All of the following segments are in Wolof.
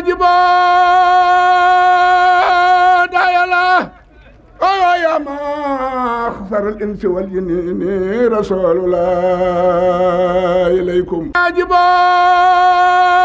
واجبا دايلا ويا ما خسر الانس والجن رسول الله اليكم واجبا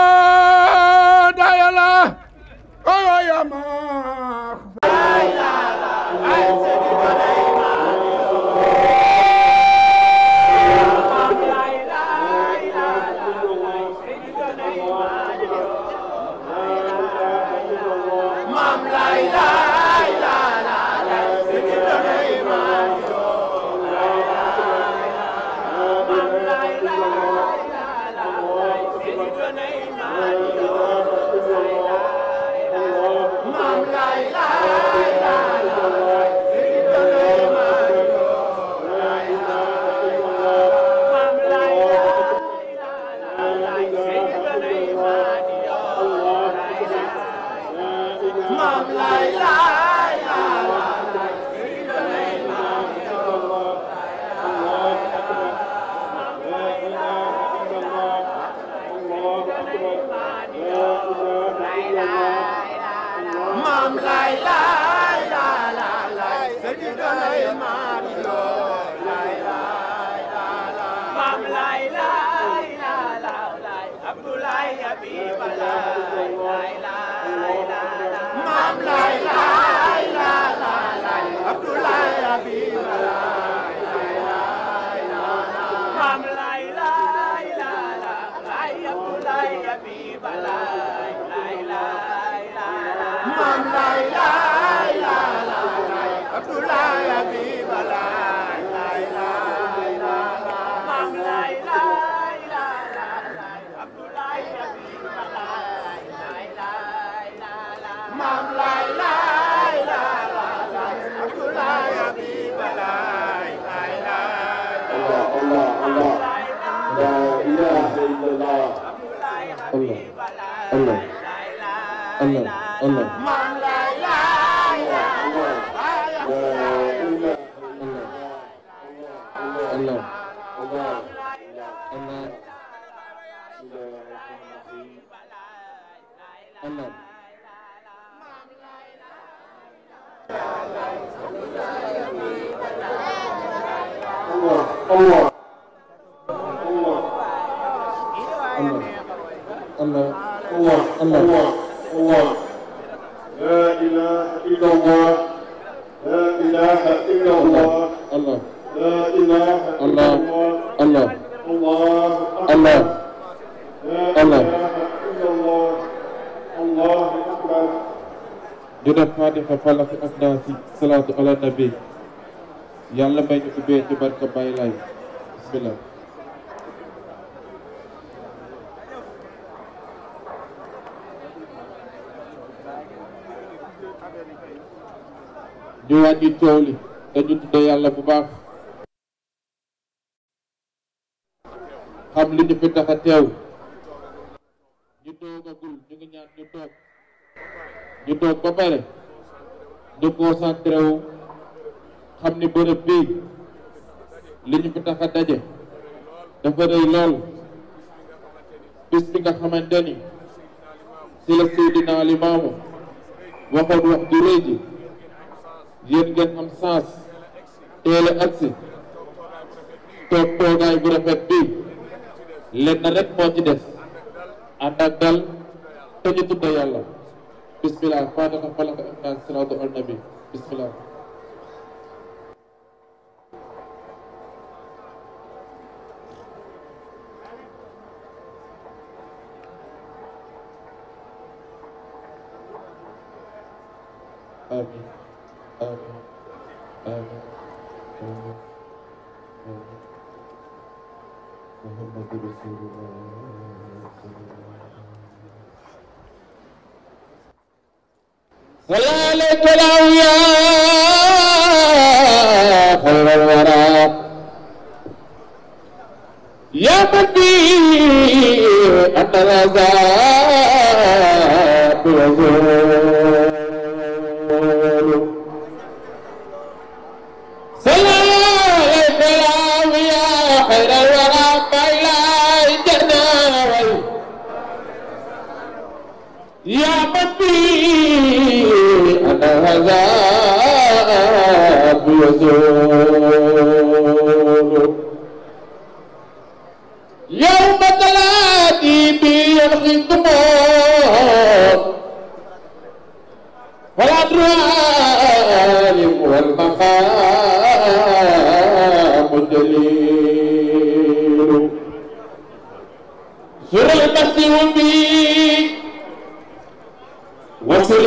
لا إله إلا الله لا إله إلا الله الله لا إله إلا الله الله الله الله لا إله إلا الله الله أكبر judat fatiha falak ak naasi salaatu ala nabi yàlla may ñu ubbee ci barka bàyyi laay bismillah ñu wàññi coow li dañu tudde yàlla bu baax xam li ñu fi tax a teew ñu toog ba pare ñu concentré xam ni bërëb bii li ñu fi tax daje dafa rëy lool bis bi nga xamante ni si la Seydina Limaamu waxoon wax ju rëy yéen ngeen am sens teel agsi toog bu rafet bii lenn rek moo ci des ànd ak dal te ñu tudd yàlla bismillah fatiha falaq ak naas salaatu ala nabi bismillah يا قلبي أنت العذاب وزول يا بدي أنا هذا أبو وسر البحث به وسر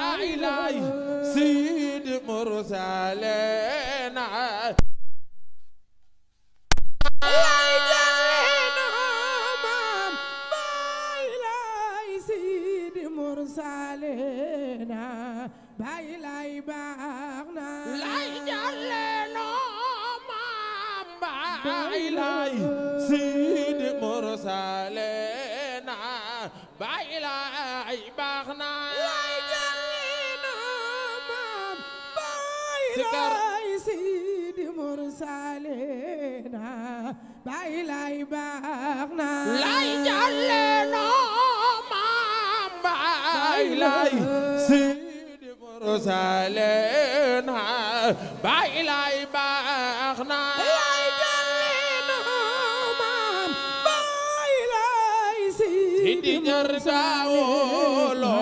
إلهي سيد مرسلين مرسلين باي لاي باي lay lay baax na lay jàlle noo maam baay lay sidi mursalin baay lay baax na lay jàlle noo maam baay lay sidi jar saawolo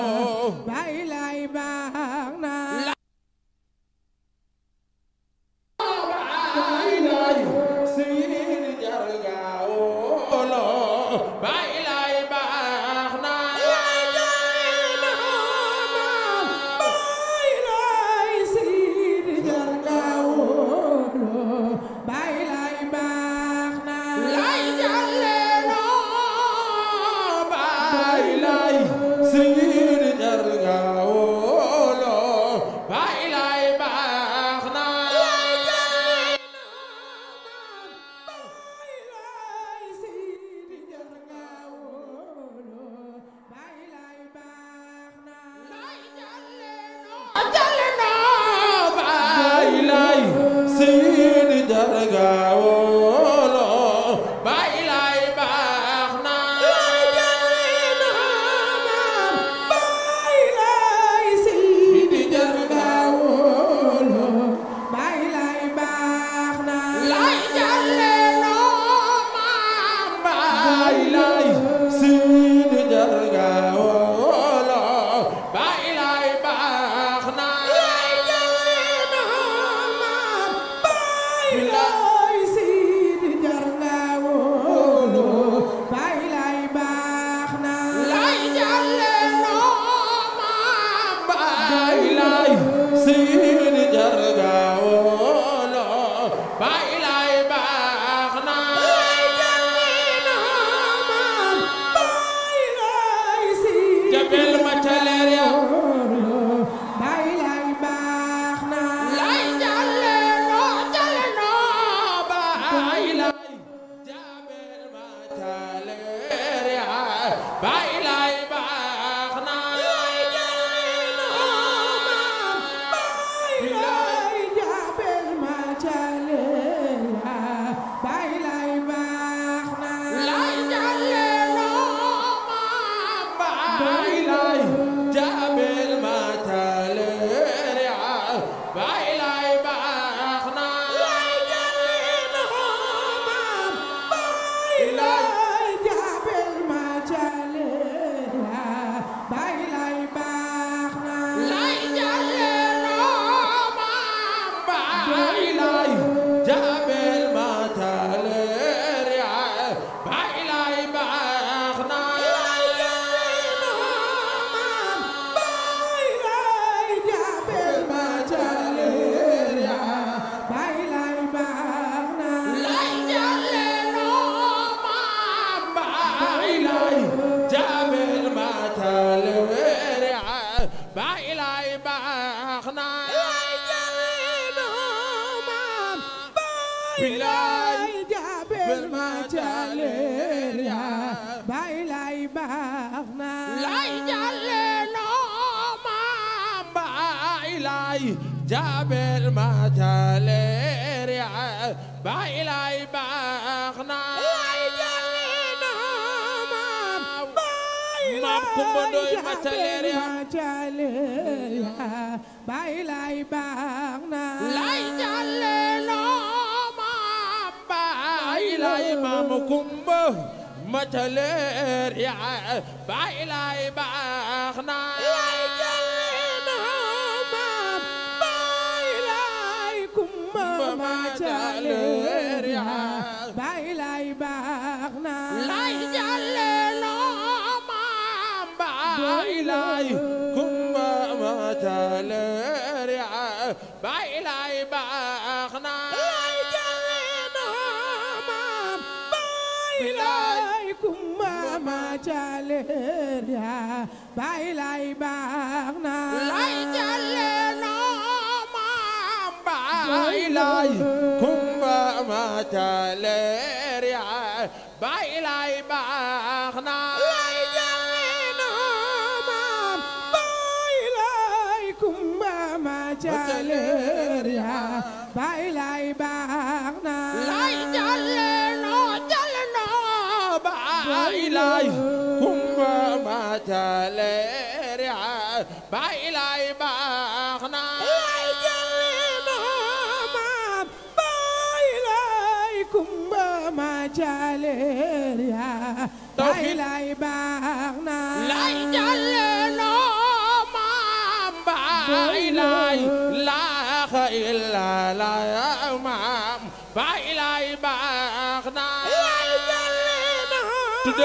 gaaw jabel ma jaleer yaa ba ilay baax na way jalina maam ba maam kumba doy ma jaleer yaa ba ilay lay jalina maam kumba ma jaleer yaa ba ilay baax ilaay baax na lay jaleena maam ba ilaay kumba mataleeri ba ilaay baax na lay jaleena maam ba ilaay kumba jëlee riha ah, bay lay baax na lay jëlee noo jëlee noo bay lay kumba ma jëlee riha bay lay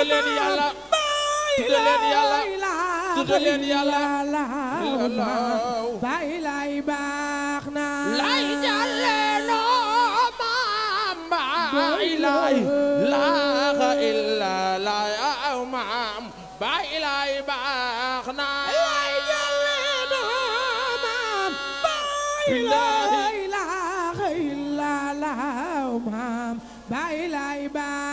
leen yàlla tudd leen yàlla tudd leen yàlla baay laay baax na lay jàlle noo maam baay laay laaxa illa laay aw maam baay laay baax na lay jàlle noo maam baay laay laaxa illa laaw maam baay laay baax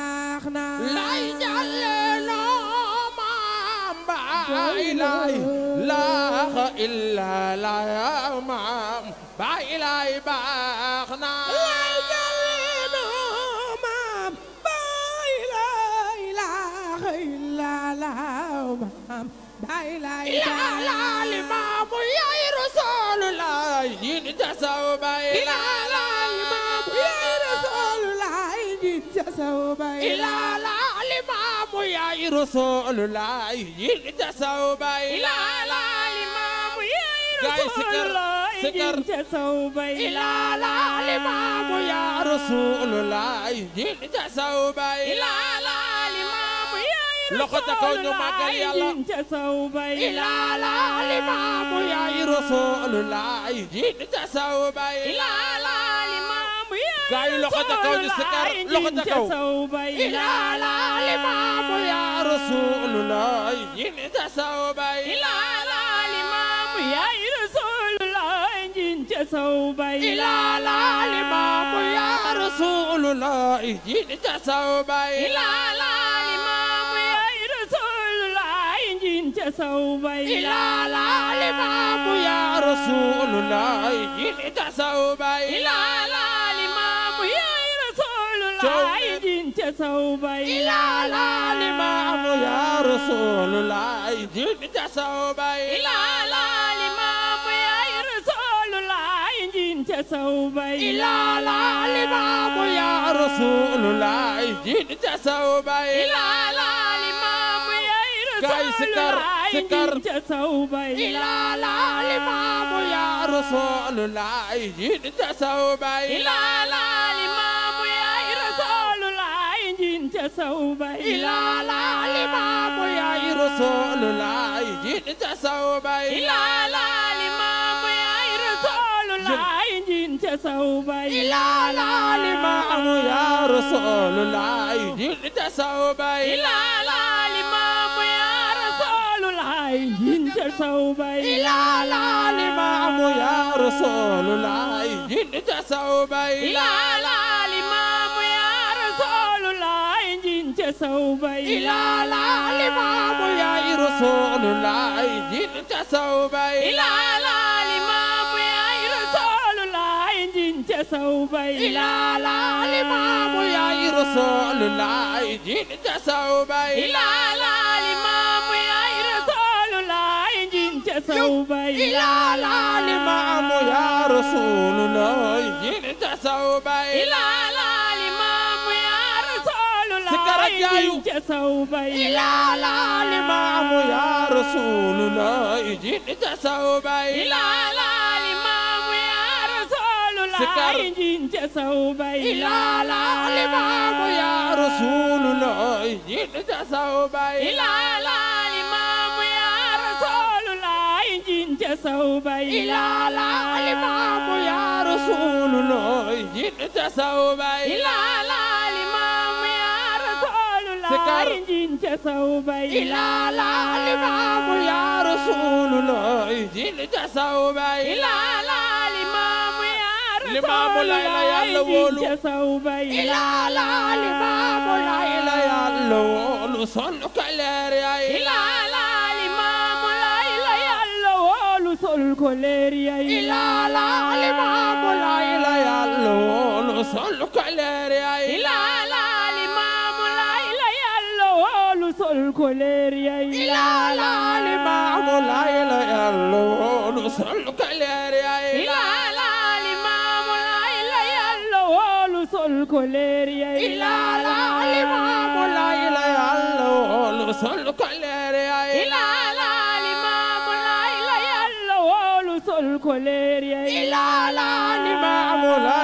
إلا لا يا مام با إلهي باخنا لا يجلين مام با إلهي لا إلا لا مام با إلهي لا الإمام يا رسول الله ينتسوا با إلا لا الإمام يا رسول الله ينتسوا با إلا لا الإمام يا رسول الله ينتسوا با إلا لا gaay sikar sikar ilaala limaamu yaa rasuulullah jinja sawba ilaala limaamu yaa rasuulullah loxo ca kaw ñu màggal yàlla ilaala limaamu yaa rasuulullah jinja صوبا إلى الإمام يا رسول الله جئت صوبا إلى الإمام يا رسول الله جئت صوبا إلى الإمام يا رسول الله جئت صوبا إلى الإمام يا رسول الله جئت صوبا إلى الإمام يا رسول الله جئت صوبا إلى الإمام صوبي إلى لا الإمام يا رسول الله جئت صوبي إلى لا الإمام يا رسول الله جئت صوبي إلى لا الإمام يا رسول الله جئت صوبي إلى لا الإمام يا رسول الله جئت صوبي إلى لا الإمام يا رسول الله جئت صوبي إلى لا الإمام يا رسول الله سوما إلى الإمام يا رسول الله جلد سوما إلى الإمام يا رسول الله جلد سوما إلى الإمام يا رسول الله جلد سوما إلى الإمام يا رسول الله جلد سوما إلى الإمام يا رسول الله جلد سوما إلى الإمام سوف إلى لا الإمام يا رسول الله جئت سوف إلى لا الإمام يا رسول الله جئت سوف إلى لا الإمام يا رسول الله جئت سوف إلى لا الإمام يا رسول الله جئت سوف إلى لا الإمام يا رسول الله جئت سوف إلى لا sikar ilaala limaamu yaa rasuulullah injiin jasawbay ilaala limaamu yaa rasuulullah injiin jasawbay ilaala limaamu yaa rasuulullah injiin jasawbay ilaala limaamu yaa rasuulullah injiin jasawbay ilaala limaamu yaa rasuulullah injiin jasawbay ilaala limaamu lay la yàlla wóolu ilaa la limaamu lay la yàlla wóolu sol ko leer yaay ilaa la limaamu lay la yàlla wóolu sol ko leer yaay ilaa la limaamu lay la yàlla wóolu sol ko leer yaay ilaa la limaamu lay la yàlla wóolu sol ko leer yaay ilaa la limaamu lay la yàlla wóolu sol ko koleer ya ilaa la limaamu woolu sol koleer ya ilaa la limaamu la woolu sol koleer ya ilaa la limaamu la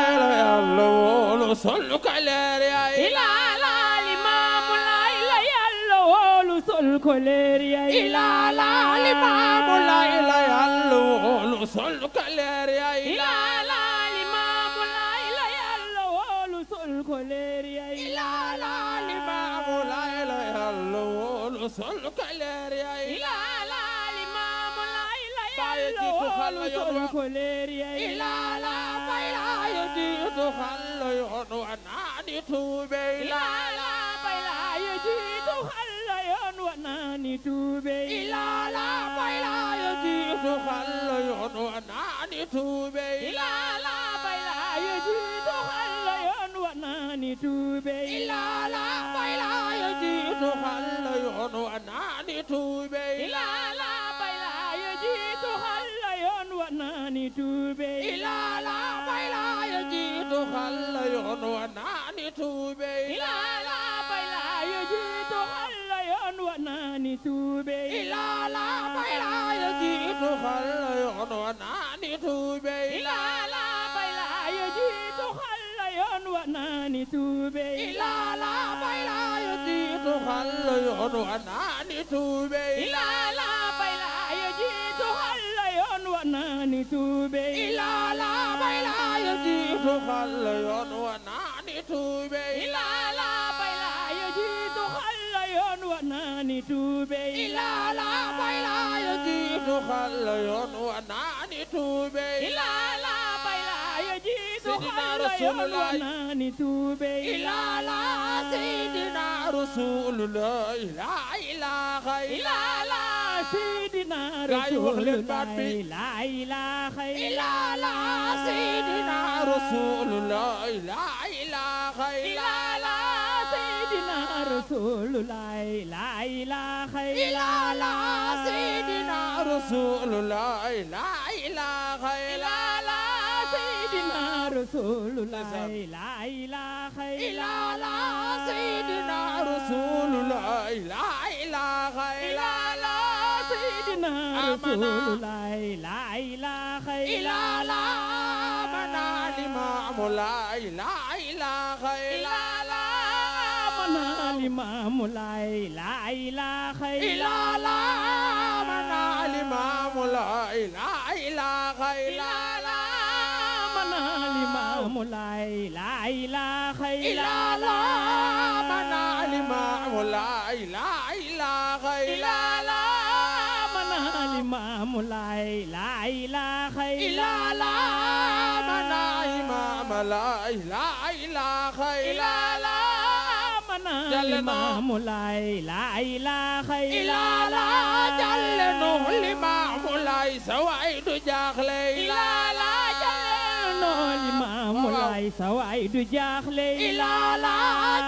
woolu sol koleer ya ilaa كوليريا إلا لا بيلا يجيد خل ينواناني توبي إلا لا بيلا يجيد خل ينواناني توبي إلا لا بيلا يجيد خل ينواناني توبي إلا لا بيلا يجيد خل ينواناني توبي ci tuube ilaa la bay la ya jiitu xal la yoon wa naani tuube ilaa la bay la ya jiitu xal la yoon wa naani tuube ilaa la bay la ya jiitu xal la yoon wa naani tuube ilaa la bay la ya jiitu xal la yoon wa naani tuube ilaa la bay la ya jiitu xal la yoon wa naani tuube ilaa la ni tuube ilaa laa bay laa yajiitu xal yoon wa naa ni tuube ilaa laa bay laa yajiitu xal yoon wa naa ni tuube ilaa laa bay laa yajiitu xal yoon wa naa ni tuube ilaa laa bay laa yajiitu xal yoon wa naa ni tuube ilaa laa sayyidina rasuulullaah laa ilaaha illallaa gaa yi wax leen baat bi la ilaha illa sayidina rasulullah la ilaha illa sayidina rasulullah la ilaha illa sayidina rasulullah la ilaha illa sayidina rasulullah la ilaha illa sayidina rasulullah la ilaha illa رسول لا إله إلا الله من الإمام لا إله إله إلا الله من الإمام لا إله إلا الله من الإمام لا إله إله إلا الله من الإمام لا إله إله إلا الله من الإمام لا إله imaam la ilaha illa la mana imaam la ilaha illa la mana imaam la ilaha illa la jàll nu limaam la sawaay du jaaxle illa la jàll nu limaam la sawaay du jaaxle illa la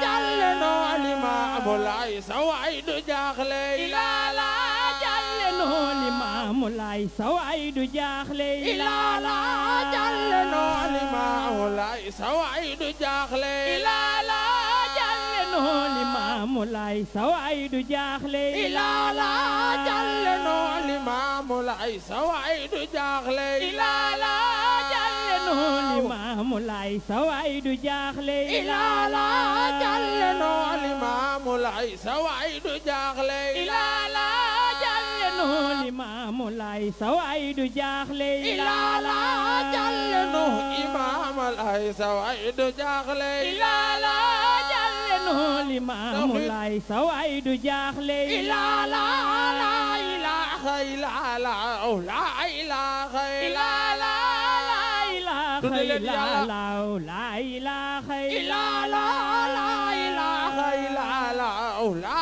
jàll nu limaam la sawaay du jaaxle illa la noo li maamu laay sawaay du jaaxle ilaala li maamu laay sawaay du jaaxle ilaala jàlle noo li maamu laay sawaay du jaaxle ilaala jàlle noo li li maamu laay sawaay du jaaxle ilaala ilaala looli maamu lay saway du jaaxle ilaala jallenu imaamu lay saway du jaaxle ilaala jallenu imaamu lay saway du jaaxle ilaala la ilaha ilaala la ilaha ilaala la ilaha ilaala la ilaha ilaala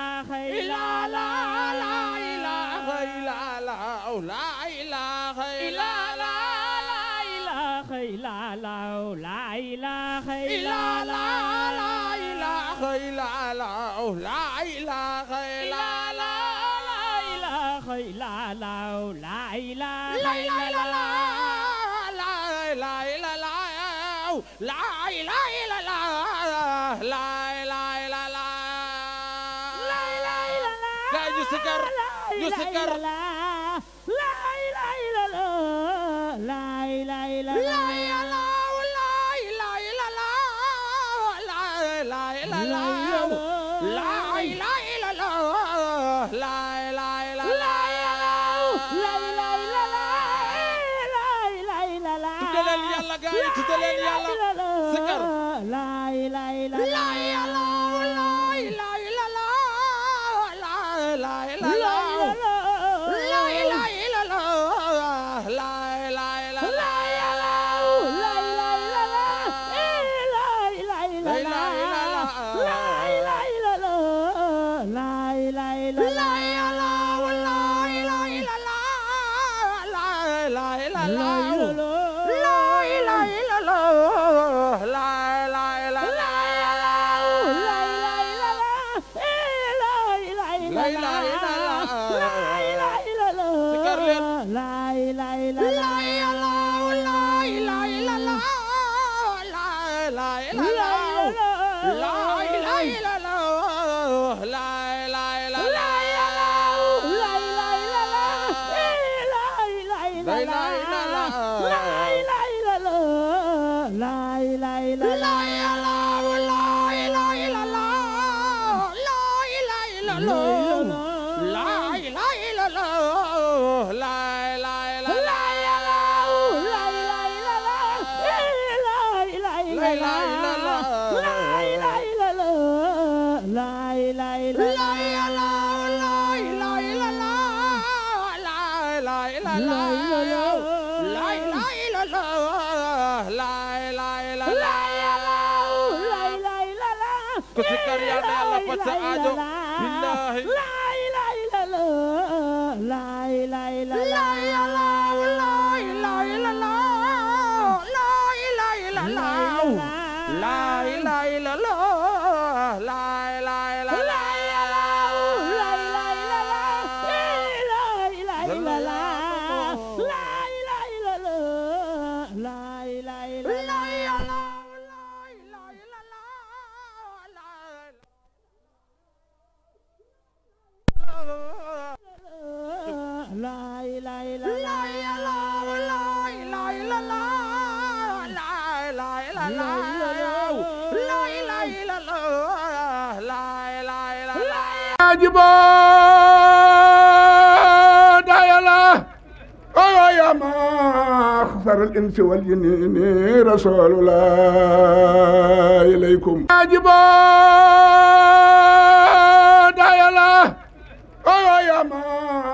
tuddee leen yàlla gaay tuddee leen yàlla sikar البداية لا ويا ما خسر الإنس والجنين رسول الله إليكم أجبا دايا لا ويا ما